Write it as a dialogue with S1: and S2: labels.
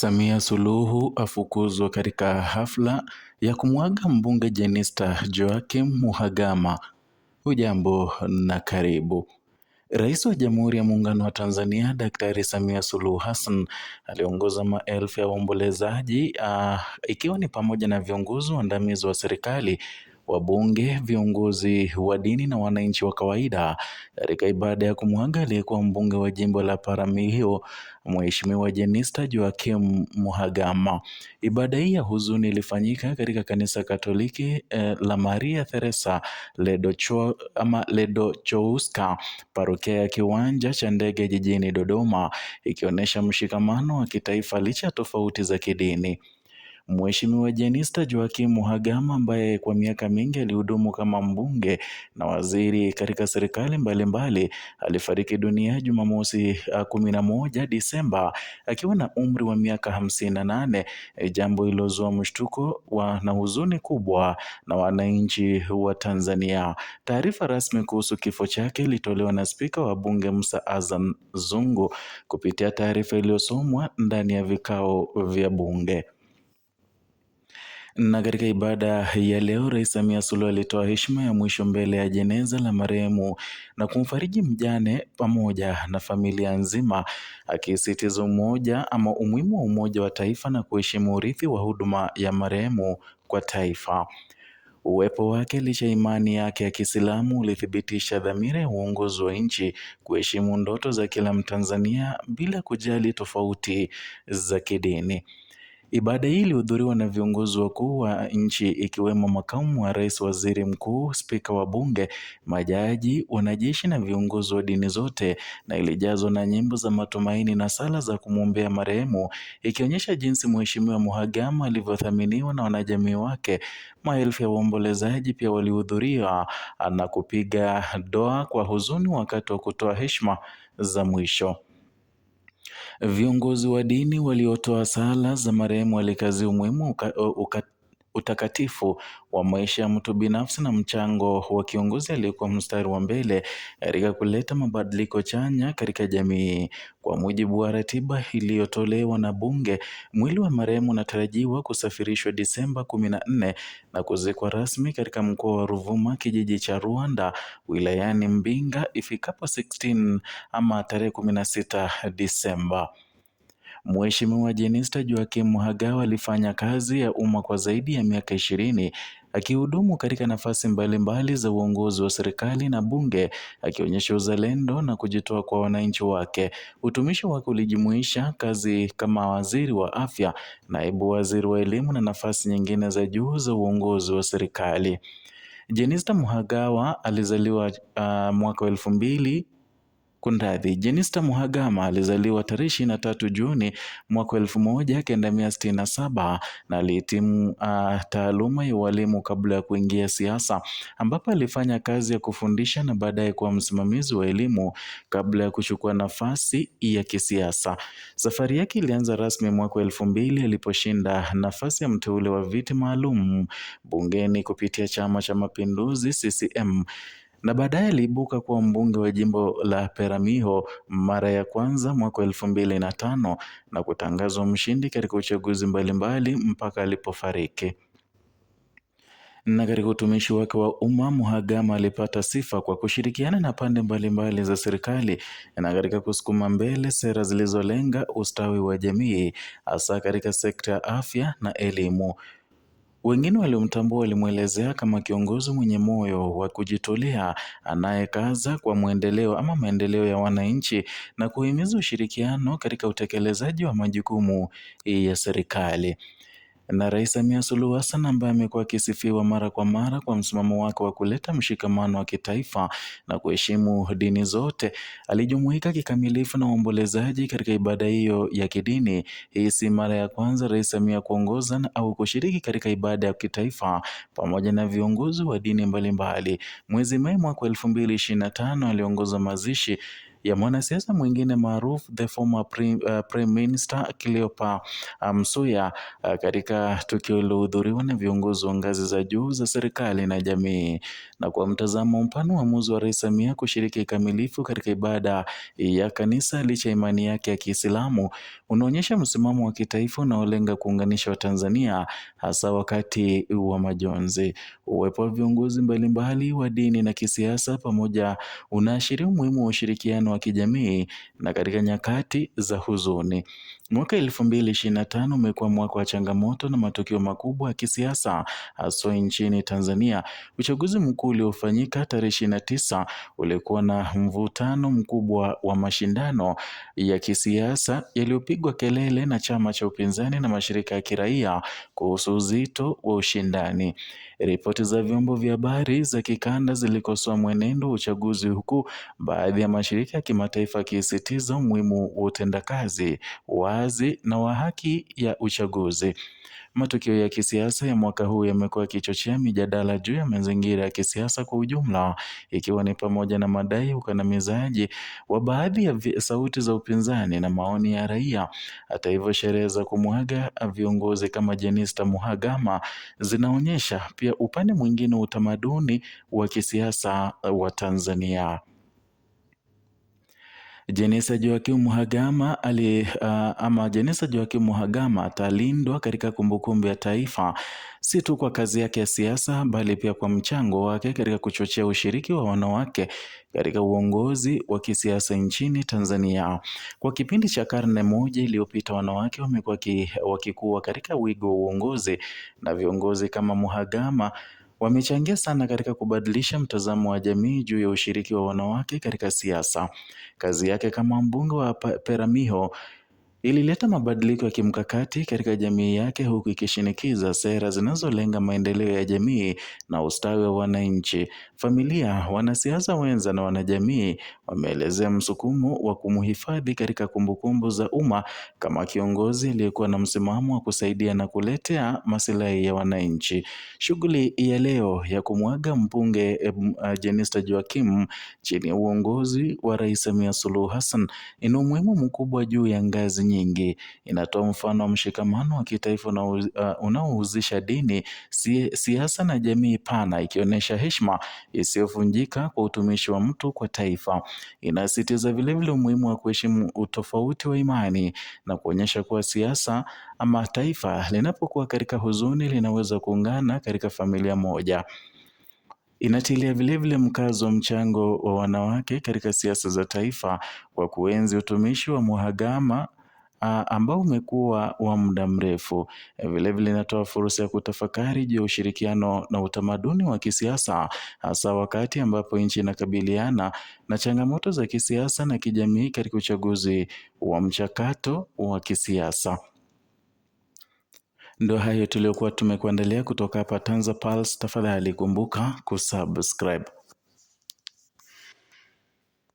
S1: Samia Suluhu afukuzwa katika hafla ya kumwaga mbunge Jenista Joakim Muhagama. Ujambo na karibu. Rais wa Jamhuri ya Muungano wa Tanzania Daktari Samia Suluhu Hassan aliongoza maelfu ya waombolezaji ah, ikiwa ni pamoja na viongozi waandamizi wa serikali wabunge, viongozi wa dini na wananchi wa kawaida katika ibada ya kumwaga aliyekuwa mbunge wa jimbo la Peramiho Mheshimiwa Jenista Joakim Mhagama. Ibada hii ya huzuni ilifanyika katika kanisa Katoliki eh, la Maria Theresa Ledocho, ama Ledochouska parokia ya Kiwanja cha Ndege jijini Dodoma, ikionyesha mshikamano wa kitaifa licha ya tofauti za kidini. Mheshimiwa Jenista Joakim Mhagama ambaye kwa miaka mingi alihudumu kama mbunge na waziri katika serikali mbalimbali mbali, alifariki dunia Jumamosi ah, kumi na moja Disemba akiwa na umri wa miaka hamsini na nane, e, jambo lilozua mshtuko na huzuni kubwa na wananchi wa Tanzania. Taarifa rasmi kuhusu kifo chake ilitolewa na Spika wa Bunge Musa Azan Zungu kupitia taarifa iliyosomwa ndani ya vikao vya Bunge. Na katika ibada ya leo, Rais Samia Suluhu alitoa heshima ya mwisho mbele ya jeneza la marehemu na kumfariji mjane pamoja na familia nzima, akisisitiza umoja ama umuhimu wa umoja wa taifa na kuheshimu urithi wa huduma ya marehemu kwa taifa. Uwepo wake licha imani yake ya Kiislamu ulithibitisha dhamira ya uongozi wa nchi kuheshimu ndoto za kila Mtanzania bila kujali tofauti za kidini. Ibada hii ilihudhuriwa na viongozi wakuu wa nchi ikiwemo makamu wa rais, waziri mkuu, spika wa bunge, majaji, wanajeshi na viongozi wa dini zote na ilijazwa na nyimbo za matumaini na sala za kumwombea marehemu ikionyesha jinsi Mheshimiwa Mhagama alivyothaminiwa na wanajamii wake. Maelfu ya waombolezaji pia walihudhuria na kupiga doa kwa huzuni wakati wa kutoa heshima za mwisho. Viongozi wa dini waliotoa sala za marehemu walikazi umuhimu uka, uka, utakatifu wa maisha ya mtu binafsi na mchango wa kiongozi aliyekuwa mstari wa mbele katika kuleta mabadiliko chanya katika jamii. Kwa mujibu wa ratiba iliyotolewa na Bunge, mwili wa marehemu unatarajiwa kusafirishwa Disemba kumi na nne na kuzikwa rasmi katika mkoa wa Ruvuma, kijiji cha Ruanda, wilayani Mbinga ifikapo 16 ama tarehe kumi na sita Disemba. Mheshimiwa Jenista Joakim muhagawa alifanya kazi ya umma kwa zaidi ya miaka ishirini akihudumu katika nafasi mbalimbali mbali za uongozi wa serikali na bunge, akionyesha uzalendo na kujitoa kwa wananchi wake. Utumishi wake ulijumuisha kazi kama waziri wa afya, naibu waziri wa elimu na nafasi nyingine za juu za uongozi wa serikali. Jenista Mhagau alizaliwa uh, mwaka wa elfu mbili Kunradhi, Jenista Muhagama alizaliwa tarehe tatu Juni mwaka 1967 na saba alihitimu uh, taaluma ya ualimu kabla ya kuingia siasa, ambapo alifanya kazi ya kufundisha na baadaye kuwa msimamizi wa elimu kabla ya kuchukua nafasi ya kisiasa. Safari yake ilianza rasmi mwaka mbili aliposhinda nafasi ya mteule wa viti maalum bungeni kupitia Chama cha Mapinduzi CCM na baadaye aliibuka kuwa mbunge wa jimbo la Peramiho mara ya kwanza mwaka elfu mbili na tano na kutangazwa mshindi katika uchaguzi mbalimbali mpaka alipofariki. Na katika utumishi wake wa umma Mhagama alipata sifa kwa kushirikiana na pande mbalimbali za serikali na katika kusukuma mbele sera zilizolenga ustawi wa jamii hasa katika sekta ya afya na elimu. Wengine waliomtambua walimwelezea kama kiongozi mwenye moyo wa kujitolea anayekaza kwa mwendeleo ama maendeleo ya wananchi na kuhimiza ushirikiano katika utekelezaji wa majukumu ya serikali na Rais Samia Suluhu Hassan ambaye amekuwa akisifiwa mara kwa mara kwa msimamo wake wa kuleta mshikamano wa kitaifa na kuheshimu dini zote, alijumuika kikamilifu na waombolezaji katika ibada hiyo ya kidini. Hii si mara ya kwanza Rais Samia kuongoza au kushiriki katika ibada ya kitaifa pamoja na viongozi wa dini mbalimbali. Mwezi Mei mwaka elfu mbili ishirini na tano aliongoza mazishi ya mwanasiasa mwingine maarufu the former uh, prime minister Cleopa uh, Msuya uh, katika tukio lilohudhuriwa na viongozi wa ngazi za juu za serikali na jamii. Na kwa mtazamo mpana, uamuzi wa Rais Samia kushiriki kikamilifu katika ibada ya kanisa licha imani yake ya Kiislamu unaonyesha msimamo wa kitaifa unaolenga kuunganisha Watanzania hasa wakati wa majonzi. Uwepo wa viongozi mbalimbali wa dini na kisiasa pamoja unaashiria umuhimu wa ushirikiano wa kijamii na katika nyakati za huzuni. Mwaka elfu mbili ishirini na tano umekuwa mwaka wa changamoto na matukio makubwa ya kisiasa haswa nchini Tanzania. Uchaguzi mkuu uliofanyika tarehe ishirini na tisa ulikuwa na mvutano mkubwa wa mashindano ya kisiasa yaliyopigwa kelele na chama cha upinzani na mashirika ya kiraia kuhusu uzito wa ushindani. Ripoti za vyombo vya habari za kikanda zilikosoa mwenendo wa uchaguzi huku baadhi ya mashirika ya kimataifa yakisisitiza umuhimu wa utendakazi wazi na wa haki ya uchaguzi. Matukio ya kisiasa ya mwaka huu yamekuwa yakichochea mijadala juu ya mazingira ya kisiasa kwa ujumla, ikiwa ni pamoja na madai ya ukandamizaji wa baadhi ya sauti za upinzani na maoni ya raia. Hata hivyo, sherehe za kumwaga viongozi kama Jenista Muhagama zinaonyesha pia upande mwingine wa utamaduni wa kisiasa wa Tanzania. Jenesa Joakim Mhagama ali, uh, ama Jenesa Joakim Mhagama atalindwa katika kumbukumbu ya taifa si tu kwa kazi yake ya siasa bali pia kwa mchango wake katika kuchochea ushiriki wa wanawake katika uongozi wa kisiasa nchini Tanzania. Kwa kipindi cha karne moja iliyopita, wanawake wamekuwa wakikuwa katika wigo wa uongozi na viongozi kama Mhagama wamechangia sana katika kubadilisha mtazamo wa jamii juu ya ushiriki wa wanawake katika siasa. Kazi yake kama mbunge wa Peramiho Ilileta mabadiliko ya kimkakati katika jamii yake huku ikishinikiza sera zinazolenga maendeleo ya jamii na ustawi wa wananchi. Familia, wanasiasa wenza na wanajamii wameelezea msukumo wa kumhifadhi katika kumbukumbu za umma kama kiongozi aliyekuwa na msimamo wa kusaidia na kuletea masilahi ya wananchi. Shughuli ya leo ya kumwaga mpunge eh, Jenista Joakim chini ya uongozi wa Rais Samia Suluhu Hassan ina umuhimu mkubwa juu ya ngazi nyingi nyingi. Inatoa mfano wa mshikamano wa kitaifa uh, unaohusisha dini, siasa na jamii pana ikionyesha heshima isiyovunjika kwa utumishi wa mtu kwa taifa. Inasisitiza vilevile umuhimu wa kuheshimu utofauti wa imani na kuonyesha kuwa siasa ama taifa linapokuwa katika huzuni linaweza kuungana katika familia moja. Inatilia vilevile mkazo mchango wa wanawake katika siasa za taifa kwa kuenzi utumishi wa mhagama ambao umekuwa wa muda mrefu. Vilevile inatoa fursa ya kutafakari juu ya ushirikiano na utamaduni wa kisiasa, hasa wakati ambapo nchi inakabiliana na changamoto za kisiasa na kijamii katika uchaguzi wa mchakato wa kisiasa. Ndo hayo tuliokuwa tumekuandalia kutoka hapa TanzaPulse. Tafadhali kumbuka kusubscribe.